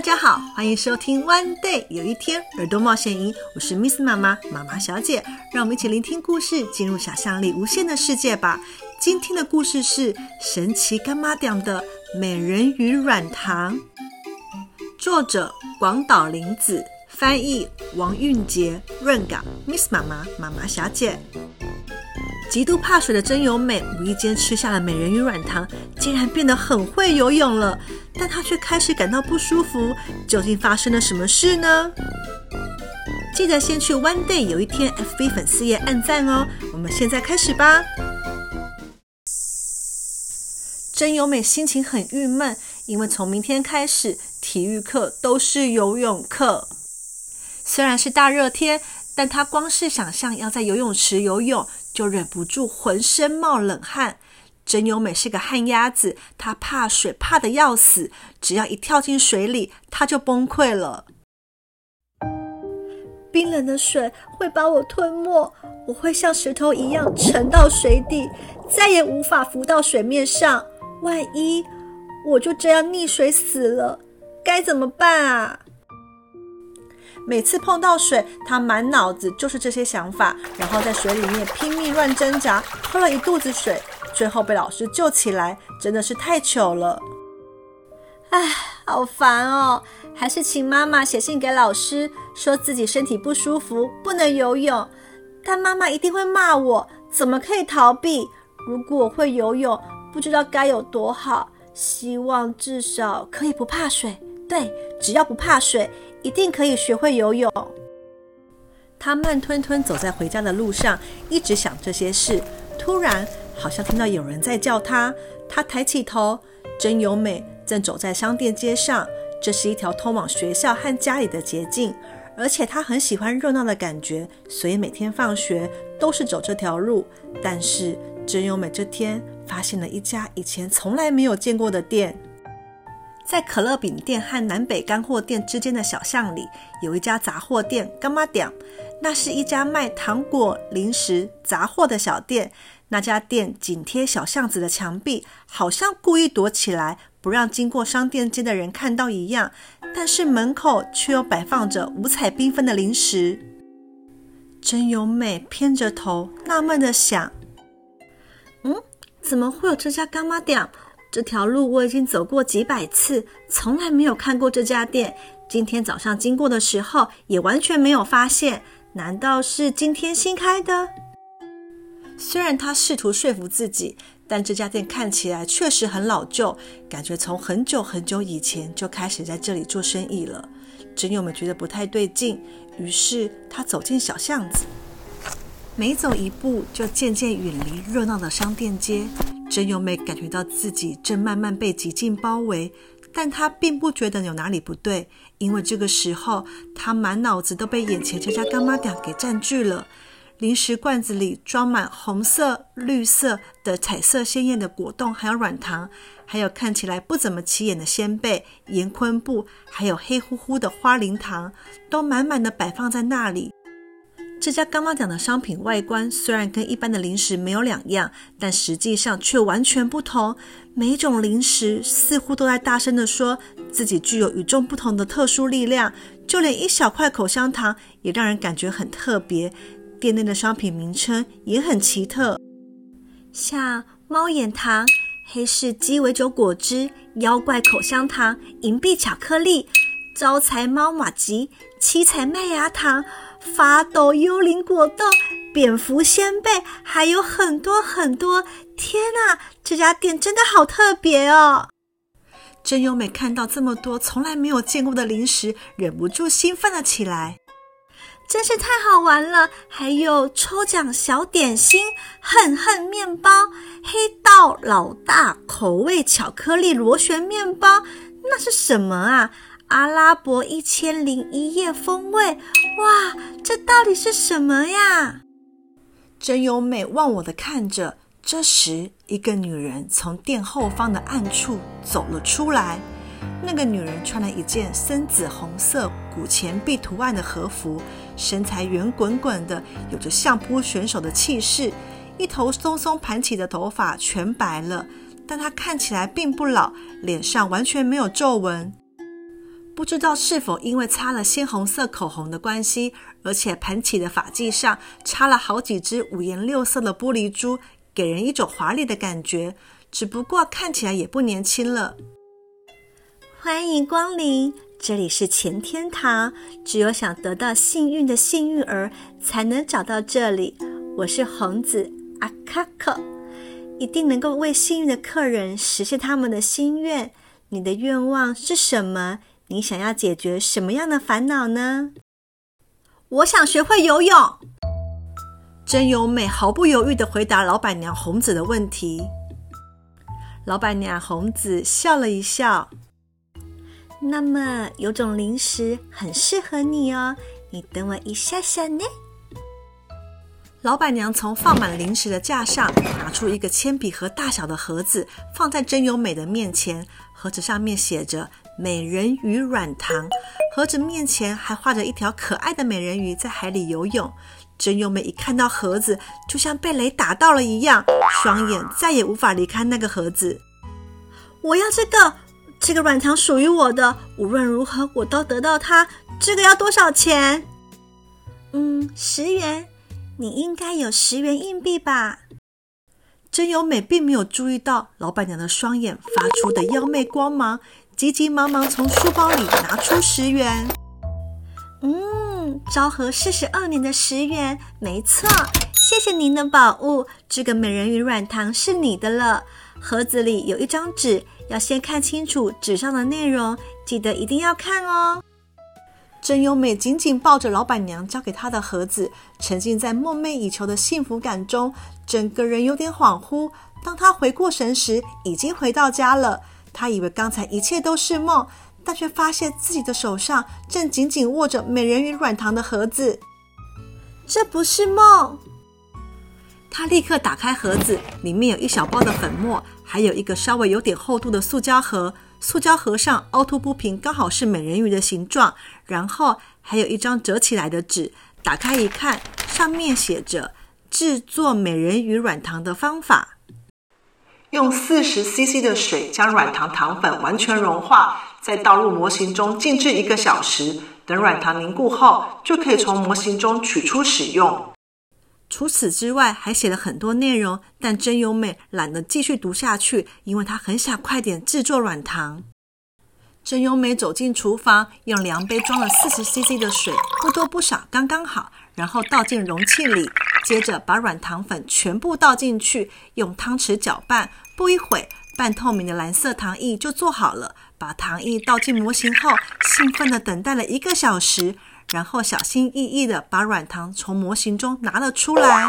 大家好，歡迎收聽《One Day 有一天耳朵冒險營》，我是 Miss 媽媽媽媽小姐，讓我們一起聆聽故事，進入想象力無限的世界吧。今天的故事是《神奇柑仔店的美人魚軟糖》，作者廣島玲子，翻譯王韻杰，潤稿。Miss 媽媽媽媽小姐。極度怕水的真由美無意間吃下了美人魚軟糖，竟然變得很會游泳了。但她卻開始感到不舒服，究竟發生了什麼事呢？記得先去 One Day 有一天 FB 粉絲頁按讚哦！我們現在開始吧。真由美心情很鬱悶，因為從明天開始體育課都是游泳課。雖然是大熱天，但她光是想象要在游泳池游泳。就忍不住渾身冒冷汗。真由美是個旱鴨子，她怕水怕得要死，只要一跳進水裡，她就崩潰了。冰冷的水會把我吞沒，我會像石頭一樣沉到水底，再也無法浮到水面上。萬一我就這樣溺水死了，該怎麼辦啊？每次碰到水，他滿腦子就是這些想法，然後在水裡面拼命亂掙扎，喝了一肚子水，最後被老師救起來，真的是太糗了。唉，好煩哦，還是請媽媽寫信給老師，說自己身體不舒服，不能游泳。但媽媽一定會罵我，怎麼可以逃避？如果我會游泳，不知道該有多好。希望至少可以不怕水。對，只要不怕水。一定可以學會游泳。他慢吞吞走在回家的路上，一直想這些事。突然，好像聽到有人在叫他。他抬起頭，真由美正走在商店街上。這是一條通往學校和家裡的捷徑，而且她很喜歡熱鬧的感覺，所以每天放學都是走這條路。但是，真由美這天發現了一家以前從來沒有見過的店。在可樂餅店和南北乾貨店之間的小巷裡，有一家雜貨店——柑仔店。那是一家賣糖果、零食、雜貨的小店。那家店緊貼小巷子的牆壁，好像故意躲起來，不讓經過商店街的人看到一樣。但是門口卻又擺放着五彩繽紛的零食。真由美偏着頭，納悶的想：嗯，怎麼會有這家柑仔店？這條路我已經走過幾百次，從來沒有看過這家店。今天早上經過的時候，也完全沒有發現。難道是今天新開的？雖然他試圖說服自己，但這家店看起來確實很老舊，感覺從很久很久以前就開始在這裡做生意了。真由美覺得不太對勁，於是他走進小巷子，每走一步就漸漸遠離熱鬧的商店街。真由美感覺到自己正慢慢被寂靜包圍，但她並不覺得有哪裡不對，因為這個時候她滿腦子都被眼前這家柑仔店給佔據了。零食罐子裡裝滿紅色、綠色的彩色鮮豔的果凍，還有軟糖，還有看起來不怎麼起眼的仙貝、鹽昆布，還有黑乎乎的花林糖，都滿滿的擺放在那裡。這家柑仔店的商品外觀雖然跟一般的零食沒有兩樣，但實際上卻完全不同。每一種零食似乎都在大聲地說自己具有與眾不同的特殊力量，就連一小塊口香糖也讓人感覺很特別。店內的商品名稱也很奇特，像貓眼糖、黑市雞尾酒果汁、妖怪口香糖、銀幣巧克力、招財貓馬吉、七彩麥芽糖。發抖幽靈果凍、蝙蝠仙貝，還有很多很多！天哪，這家店真的好特別哦！真由美看到這麼多從來沒有見過的零食，忍不住興奮了起來，真是太好玩了！還有抽獎小點心、恨恨麵包、黑道老大口味巧克力螺旋麵包，那是什麼啊？阿拉伯一千零一夜風味，哇，這到底是什麼呀？真由美，忘我的看着。這時，一個女人從店後方的暗處走了出來。那個女人穿了一件深紫紅色古錢幣圖案的和服，身材圓滾滾的，有着相撲選手的氣勢。一頭鬆鬆盤起的頭髮全白了，但她看起來並不老，臉上完全沒有皺紋。不知道是否因為擦了鮮紅色口紅的關係，而且蓬起的髮髻上插了好幾隻五顏六色的玻璃珠，給人一種華麗的感覺。只不過看起來也不年輕了。歡迎光臨，這裡是錢天堂，只有想得到幸運的幸運兒才能找到這裡。我是紅子阿卡卡，一定能夠為幸運的客人實現他們的心願。你的願望是什麼？你想要解決什麼樣的煩惱呢？我想學會游泳。真由美毫不猶豫地回答老闆娘紅子的問題。老闆娘紅子笑了一笑。那麼，有種零食很適合你哦，你等我一下下呢。老闆娘從放滿零食的架上拿出一個鉛筆盒大小的盒子，放在真由美的面前。盒子上面寫着美人魚軟糖，盒子面前還畫着一條可愛的美人魚在海裡游泳。真由美一看到盒子，就像被雷打到了一樣，雙眼再也無法離開那個盒子。我要這個，這個軟糖屬於我的，無論如何我都得到它。這個要多少錢？嗯，十元。你應該有十元硬幣吧？真由美並沒有注意到老闆娘的雙眼發出的妖媚光芒。急急忙忙從書包裡拿出十元。嗯，昭和四十二年的十元，沒錯，謝謝您的寶物，這個美人魚軟糖是你的了。盒子裡有一張紙，要先看清楚紙上的內容，記得一定要看哦。真由美緊緊抱着老闆娘交給她的盒子，沉浸在夢寐以求的幸福感中，整個人有點恍惚。當她回過神時，已經回到家了。他以為剛才一切都是夢，但卻發現自己的手上正緊緊握着美人魚軟糖的盒子。這不是夢。他立刻打開盒子，裡面有一小包的粉末，還有一個稍微有點厚度的塑膠盒。塑膠盒上凹凸不平，剛好是美人魚的形狀，然後還有一張折起來的紙，打開一看，上面寫着制作美人魚軟糖的方法。用四十 cc 的水將軟糖糖粉完全融化，再倒入模型中靜置一個小時。等軟糖凝固後，就可以從模型中取出使用。除此之外，還寫了很多內容，但真由美懶得繼續讀下去，因為她很想快點製作軟糖。真由美走進廚房，用量杯裝了四十 cc 的水，不多不少，剛剛好，然後倒進容器裡。接着把軟糖粉全部倒進去，用湯匙攪拌。不一會，半透明的藍色糖液就做好了。把糖液倒進模型後，興奮地等待了一個小時，然後小心翼翼地把軟糖從模型中拿了出來。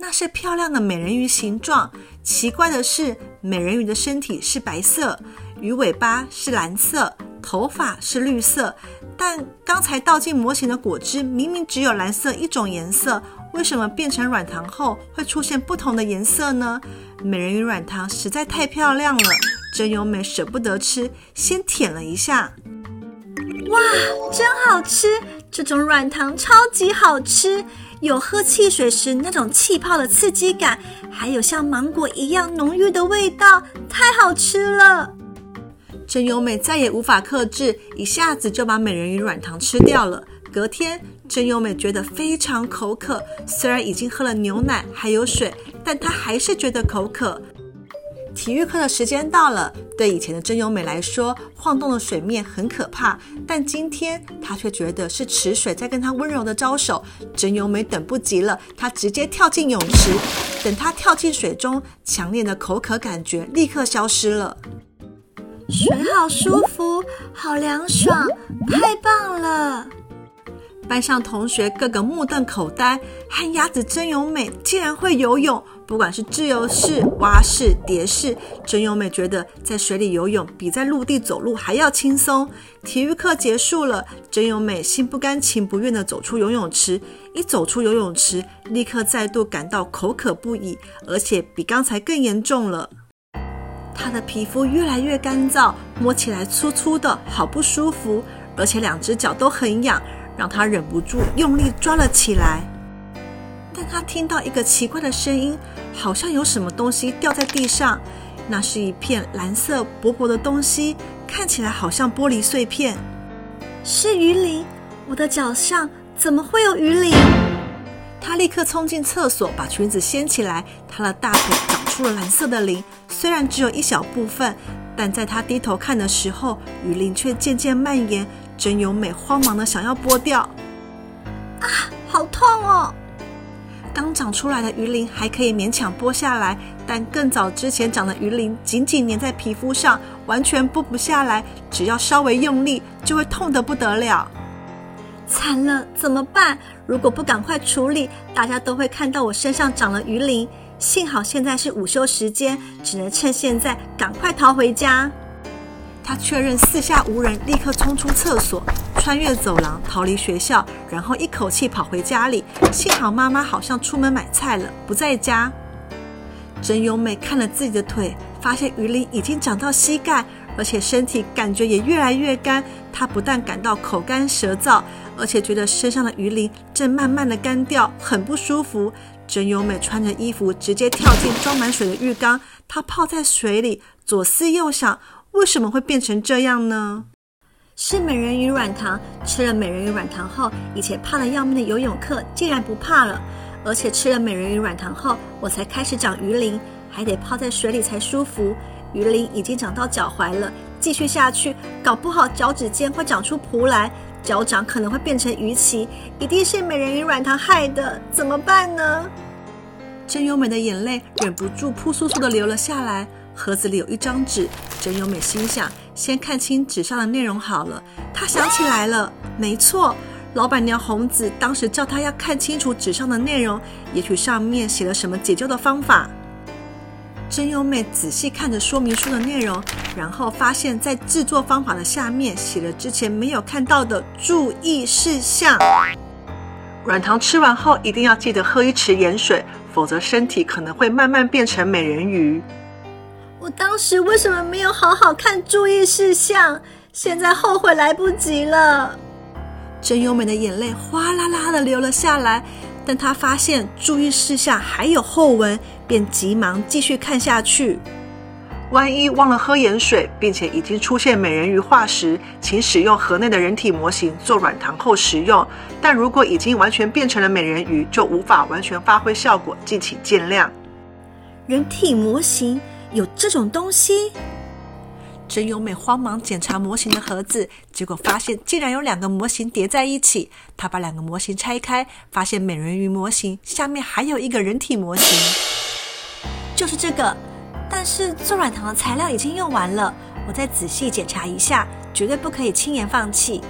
那是漂亮的美人魚形狀。奇怪的是，美人魚的身體是白色，魚尾巴是藍色。頭髮是綠色，但剛才倒進模型的果汁明明只有藍色一種顏色，為什麼變成軟糖後會出現不同的顏色呢？美人魚軟糖實在太漂亮了，真由美捨不得吃，先舔了一下。哇，真好吃！這種軟糖超級好吃，有喝汽水時那種氣泡的刺激感，還有像芒果一樣濃郁的味道，太好吃了。真由美再也無法克制，一下子就把美人魚軟糖吃掉了。隔天，真由美覺得非常口渴，雖然已經喝了牛奶還有水，但她還是覺得口渴。體育課的時間到了，對以前的真由美來說，晃動的水面很可怕，但今天她卻覺得是池水在跟她溫柔的招手。真由美等不及了，她直接跳進泳池，等她跳進水中，強烈的口渴感覺立刻消失了。水好舒服，好涼爽，太棒了！班上同學個個目瞪口呆，旱鴨子真由美竟然會游泳。不管是自由式、蛙式、蝶式，真由美覺得在水裡游泳比在陸地走路還要輕鬆。體育課結束了，真由美心不甘情不願地走出游泳池。一走出游泳池，立刻再度感到口渴不已，而且比剛才更嚴重了。他的皮膚越來越乾燥，摸起來粗粗的，好不舒服，而且兩只腳都很癢，讓他忍不住用力抓了起來。但他聽到一個奇怪的聲音，好像有什麼東西掉在地上，那是一片藍色薄薄的東西，看起來好像玻璃碎片。是魚鱗？我的腳上怎麼會有魚鱗？她立刻衝進廁所，把裙子掀起來。她的大腿長出了藍色的鱗，雖然只有一小部分，但在她低頭看的時候，魚鱗卻漸漸蔓延。真由美慌忙的想要剝掉，啊，好痛哦！剛長出來的魚鱗還可以勉強剝下來，但更早之前長的魚鱗緊緊粘在皮膚上，完全剝不下來。只要稍微用力，就會痛得不得了。慘了，怎麼辦？如果不趕快處理，大家都會看到我身上長了魚鱗。幸好現在是午休時間，只能趁現在趕快逃回家。她確認四下無人，立刻衝出廁所，穿越走廊，逃離學校，然後一口氣跑回家裡。幸好媽媽好像出門買菜了，不在家。真由美看了自己的腿，發現魚鱗已經長到膝蓋。而且身體感覺也越來越乾，她不但感到口乾舌燥，而且覺得身上的魚鱗正慢慢的乾掉，很不舒服。真由美穿着衣服直接跳進裝滿水的浴缸，她泡在水裡左思右想，為什麼會變成這樣呢？是美人魚軟糖，吃了美人魚軟糖後，以前怕得要命的游泳課竟然不怕了，而且吃了美人魚軟糖後，我才開始長魚鱗，還得泡在水裡才舒服。魚鱗已經長到腳踝了，繼續下去，搞不好腳趾間會長出蹼來，腳掌可能會變成魚鰭，一定是美人魚軟糖害的，怎麼辦呢？真由美的眼淚忍不住撲簌簌地流了下來。盒子裡有一張紙，真由美心想，先看清紙上的內容好了。她想起來了，沒錯，老闆娘紅子當時叫她要看清楚紙上的內容，也許上面寫了什麼解救的方法。真由美仔細看着說明書的內容，然後發現，在製作方法的下面寫了之前沒有看到的注意事項：軟糖吃完後一定要記得喝一匙鹽水，否則身體可能會慢慢變成美人魚。我當時為什麼沒有好好看注意事項？現在後悔來不及了。真由美的眼淚嘩啦啦的流了下來，但她發現注意事項還有後文，便急忙繼續看下去。萬一忘了喝鹽水，並且已經出現美人魚化石，請使用盒內的人體模型做軟糖後食用。但如果已經完全變成了美人魚，就無法完全發揮效果，敬請見諒。人體模型？有這種東西？真由美慌忙檢查模型的盒子，結果發現竟然有兩個模型疊在一起。她把兩個模型拆開，發現美人魚模型下面還有一個人體模型，就是這個。但是做軟糖的材料已經用完了，我再仔細檢查一下，絕對不可以輕言放棄。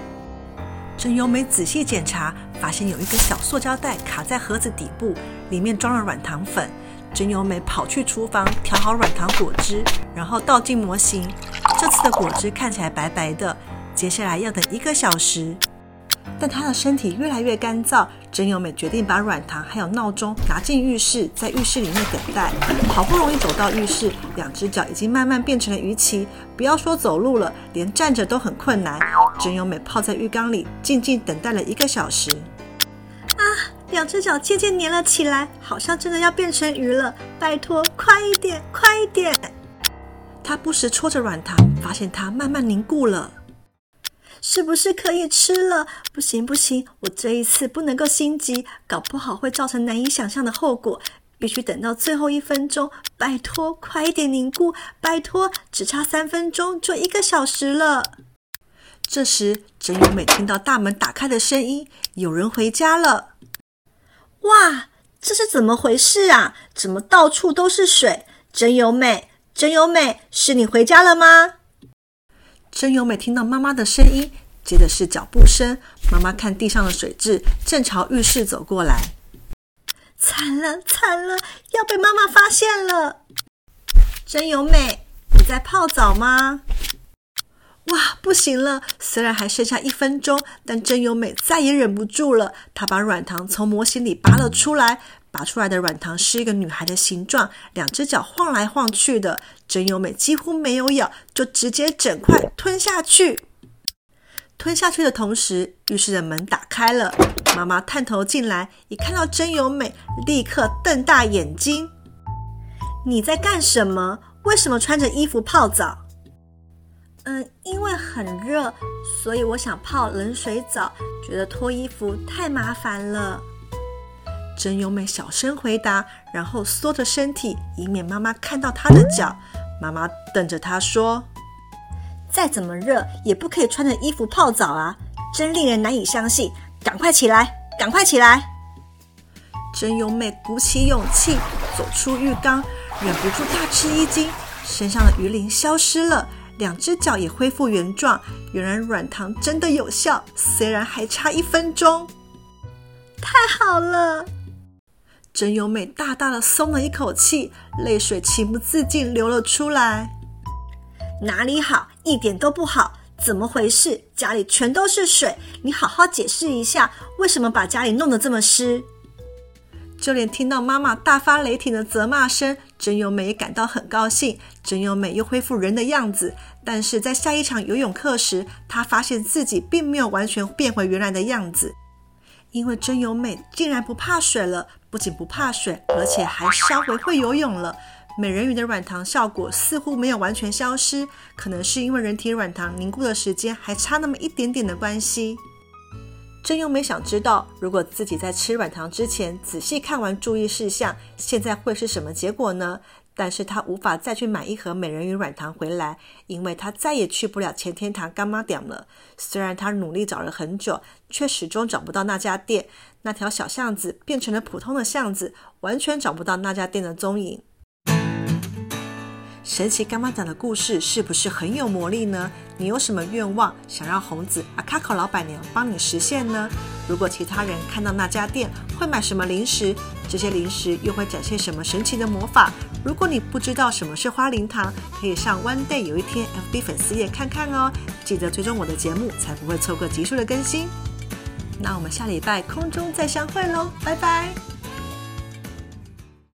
真由美仔細檢查，發現有一個小塑膠袋卡在盒子底部，裡面裝了軟糖粉。真由美跑去廚房調好軟糖果汁，然後倒進模型。這次的果汁看起來白白的，接下來要等一個小時。但她的身體越來越乾燥，真由美決定把軟糖還有鬧鐘拿進浴室，在浴室裡面等待。好不容易走到浴室，兩隻腳已經慢慢變成了魚鰭，不要說走路了，連站着都很困難。真由美泡在浴缸裡，靜靜等待了一個小時。啊，兩隻腳漸漸粘了起來，好像真的要變成魚了！拜托，快一點，快一點！他不時戳着軟糖，發現它慢慢凝固了，是不是可以吃了？不行不行，我這一次不能夠心急，搞不好會造成難以想象的後果，必須等到最後一分鐘。拜托，快一點凝固！拜托，只差三分鐘就一個小時了。這時，真由美聽到大門打開的聲音，有人回家了。哇，這是怎麼回事啊？怎麼到處都是水？真由美。真由美，是你回家了嗎？真由美。聽到媽媽的聲音，接着是腳步聲。媽媽看地上的水漬，正朝浴室走過來。慘了，慘了，要被媽媽發現了！真由美，你在泡澡嗎？哇，不行了！雖然還剩下一分鐘，但真由美再也忍不住了。她把軟糖從模型裡拔了出來。打出來的軟糖是一個女孩的形狀，兩隻腳晃來晃去的。真由美幾乎沒有咬，就直接整塊吞下去。吞下去的同時，浴室的門打開了，媽媽探頭進來，一看到真由美，立刻瞪大眼睛：“你在幹什麼？為什麼穿着衣服泡澡？”“嗯，因為很熱，所以我想泡冷水澡，覺得脫衣服太麻煩了。”真由美小聲回答，然後縮着身體，以免媽媽看到她的腳。媽媽瞪着她說：“再怎麼熱，也不可以穿着衣服泡澡啊！真令人難以相信！趕快起來，趕快起來！”真由美鼓起勇氣走出浴缸，忍不住大吃一驚，身上的魚鱗消失了，兩只腳也恢復原狀。原來軟糖真的有效，雖然還差一分鐘。太好了！真由美大大的鬆了一口氣，淚水情不自禁流了出來。哪裡好？一點都不好！怎麼回事？家裡全都是水！你好好解釋一下，為什麼把家裡弄得這麼濕？就連聽到媽媽大發雷霆的責罵聲，真由美也感到很高興。真由美又恢復人的樣子，但是在下一場游泳課時，她發現自己並沒有完全變回原來的樣子。因為真由美竟然不怕水了，不僅不怕水，而且還稍微會游泳了。美人魚的軟糖效果似乎沒有完全消失，可能是因為人體軟糖凝固的時間還差那麼一點點的關係。真由美想知道，如果自己在吃軟糖之前仔細看完注意事項，現在會是什麼結果呢？但是他無法再去買一盒美人魚軟糖回來，因為他再也去不了錢天堂柑仔店了。雖然他努力找了很久，卻始終找不到那家店。那條小巷子，變成了普通的巷子，完全找不到那家店的蹤影。神奇柑仔店的故事是不是很有魔力呢？你有什麼願望想讓紅子阿卡卡老闆娘幫你實現呢？如果其他人看到那家店會買什麼零食，這些零食又會展現什麼神奇的魔法？如果你不知道什麼是花靈糖，可以上 One Day 有一天 FB 粉絲頁看看哦。記得追蹤我的節目，才不會錯過集數的更新。那我們下禮拜空中再相會嘍，拜拜。